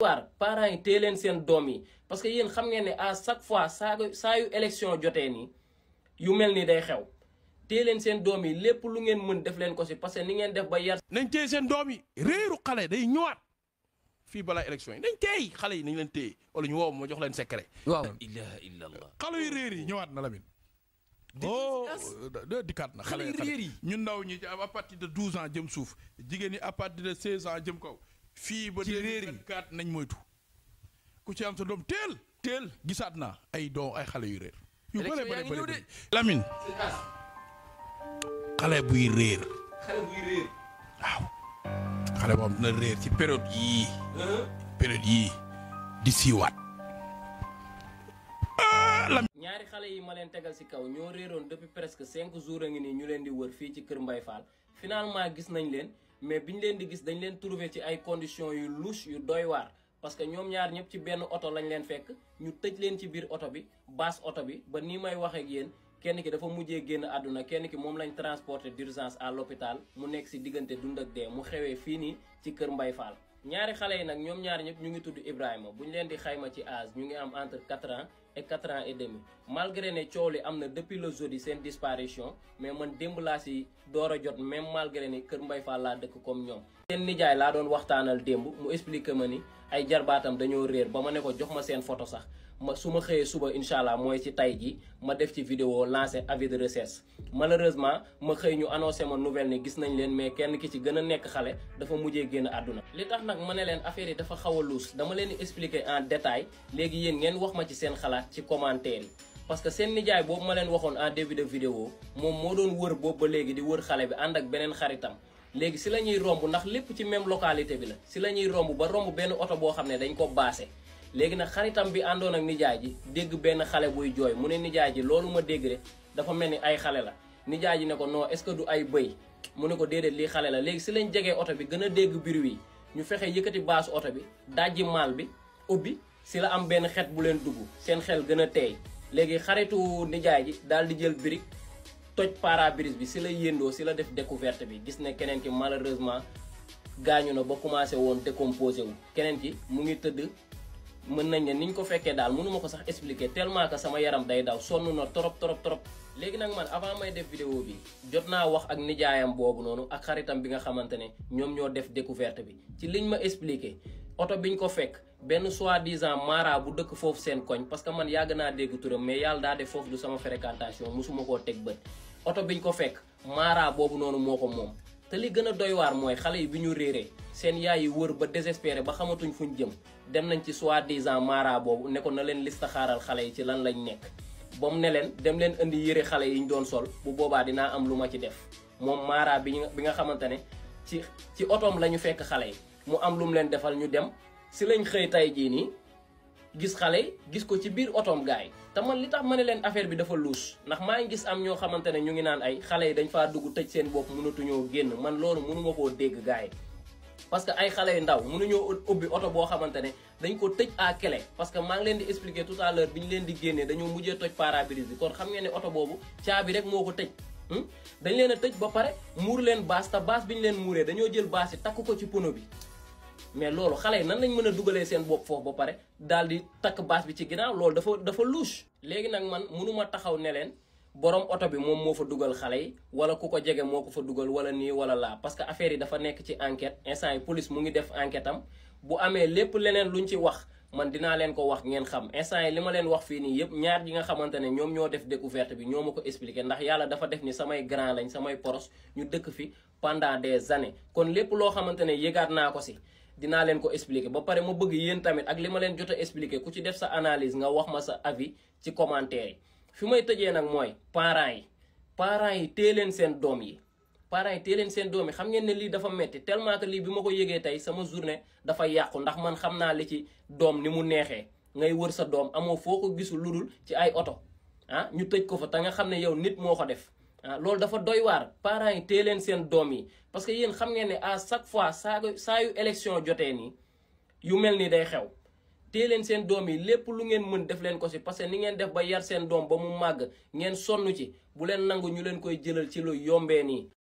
war parents yi téye sen domi parce que yeen xam ngeen ne à chaque fois sa sa yu élection joté ni yu melni day xew téye leen seen doom yi lu ngeen mën def len ko ci parce que ni ngeen def ba yar. nañ téye sen domi yi xalé day ñëwaat fi bala élection nañ téye xale nañ wala ñu woo mo jox len secret. wa ilaha illallah. xale yu réer ñëwaat na lamine oh dikat na xalé ñun ndaw ñi à partir de 12 ans jëm souf jigéen ñi à partir de 16 ans jëm kaw. fii ba 2024 nañ moytu ku ci am sa doom teel teel gisaat na ay doom ay xale yu réer yu bare bare bare Lamine xale buy xale buy réer waaw xale moom dina réer ci période yii uh-huh. période yii di siiwaat ah, ñaari xale yi ma leen tegal ci kaw ñoo réeroon depuis presque cinq jour a ngi nii ñu leen di wër fii ci kër Mbaye Fall finalement gis nañ leen mais bi ñu leen di gis dañ leen trouver ci ay condition yu louche yu doy waar parce que ñoom ñaar ñëpp ci benn oto lañ leen fekk ñu tëj leen ci biir oto bi baas oto bi ba nii may waxeeg ak yéen kenn ki dafa mujjee génn àdduna kenn ki moom lañ transporté d'urgence à l'hôpital mu nekk si diggante dund ak dee mu xewee fii nii ci kër Mbay faal ñaari xale yi nag ñoom ñaari ñëpp ñu ngi tudd Ibrahima bu ñu leen di xayma ci âge ñu ngi am entre quatre ans et quatre ans et demi malgré ne coow li am na depuis le jeudi seen disparition mais man démb laa si door a jot même malgré ne Kër Mbay Fall laa dëkk comme ñoom. seen nijaay laa doon waxtaanal démb mu expliqué ma ni ay jarbaatam dañoo réer ba ma ne ko jox ma seen photo sax. ma su ma suba inshallah moy ci tay ji ma def ci vidéo lancer avis de recherche malheureusement ma xey ñu annoncer ma nouvelle ni gis nañ leen mais kenn ki ci gëna nek xalé dafa mujjé génn aduna li tax nak mané leen affaire yi dafa xaw a dama leen expliquer en détail légui yeen ngeen wax ma ci seen xalaat ci commentaire parce que seen nijaay bobu ma leen waxoon en début de vidéo mom mo doon wër bobu ba léegi di wër xalé bi ànd ak beneen xaritam. légui si lañuy ñuy romb ndax lépp ci même localité bi la si lañuy ñuy romb ba romb benn auto bo xamné dañ ko baase léegi nag xaritam bi àndoon ak nijaay ji dégg benn xale buy jooy mu ne nijaay ji loolu ma dégg de dafa mel ni ay xale la nijaay ji ne ko noo est-ce que du ay bëy mu ne ko déedéet lii xale la léegi si lañ jegee oto bi gën a dégg biir wi ñu fexe yëkkati baasu oto bi dajji maal bi ubbi si la am benn xet bu leen dugg seen xel gën a teey léegi xaritu nijaay ji daal di jël birig toj pare bi si la yëndoo si la def découverte bi gis ne keneen ki malheureusement gaañu na ba commencé woon décomposé wu keneen ki mu ngi tëdd mën nañ ni ñu ko fekkee daal mënuma ko sax expliquer tellement que sama yaram day daw sonn na trop trop trop. léegi nag man avant may def vidéo bi jot naa wax ak nijaayam boobu noonu ak xaritam bi nga xamante ne ñoom ñoo def découverte bi ci liñ ma expliquer oto biñ ko fekk benn soi-disant mara bu dëkk foofu seen koñ parce que man yàgg naa dégg turam mais yàlla daa def foofu du sama fréquentation mosuma koo teg bët oto biñ ko fekk maaraa boobu noonu moo ko moom. te li gën a doy waar mooy xale yi bi ñu réeree seen yaay yi wër ba désespéré ba xamatuñ fuñ jëm dem nañ ci soi-disant mara boobu ne na leen listaxaaral xale yi ci lan lañ nekk ba mu ne leen dem leen indi yére xale yi ñu doon sol bu boobaa dinaa am lu ma ci def moom mara bi bi nga xamante ne ci ci otoom la ñu fekk xale yi mu am lu mu leen defal ñu dem si lañ xëy tay jii nii gis xale yi gis ko ci biir otoom gars yi te man li tax ma ne leen affaire bi dafa luus ndax maa ngi gis am ñoo xamante ne ñu ngi naan ay xale yi dañ faa dugg tëj seen bopp mënatuñoo génn man loolu mënuma koo dégg gars yi parce que ay xale yu ndaw mënuñoo ubbi oto boo xamante ne dañ ko tëj à clé parce que maa ngi leen di expliquer tout à l'heure bi ñu leen di génnee dañoo mujjee toj pare-brise bi kon xam ngeen ne oto boobu caabi rek moo ko tëj hmm? dañ leen a tëj ba pare muur leen baas te baas bi ñu leen muuree dañoo jël baas yi takk ko ci pono bi mais loolu xale yi nan lañ mën a dugalee seen bopp foofu ba pare daal di takk baas bi ci ginnaaw loolu dafa dafa louche léegi nag man mënuma taxaw ne leen borom oto bi moom moo fa dugal xale yi wala ku ko jege moo ko fa dugal wala nii wala laa parce que affaire yi dafa nekk ci enquête instant yi police mu ngi def enquête am bu amee lépp leneen luñ ci wax man dinaa leen ko wax ngeen xam instant yi li ma leen wax fii nii yëpp ñaar yi nga xamante ne ñoom ñoo def découverte bi ñoo ma ko expliqué ndax yàlla dafa def ni samay grand lañ samay poros ñu dëkk fi pendant des années kon lépp loo xamante ne yëgaat naa ko si dinaa leen ko expliqué ba pare ma bëgg yéen tamit ak li ma leen jot expliqué ku ci def sa analyse nga wax ma sa avis ci commentaire yi fi may tëjee nag mooy parents yi parents yi téye leen seen doom yi parents yi téye leen seen doom yi xam ngeen ne lii dafa metti tellement que lii bi ma ko yëgee tey sama journée dafa yàqu ndax man xam naa li ci doom ni mu neexee ngay wër sa doom amoo foo ko gisul lu dul ci ay oto ah ñu tëj ko fa te nga xam ne yow nit moo ko def ah, loolu dafa doy waar parents yi téye leen seen doom yi parce que yéen xam ngeen ne à chaque fois saa saa yu élection jotee nii yu mel ni day xew tée leen seen doom yi lépp lu ngeen mën def leen ko ci parce que ni ngeen def ba yar seen doom ba mu màgg ngeen sonn ci bu leen nangu ñu leen koy jëlal ci lu yombee nii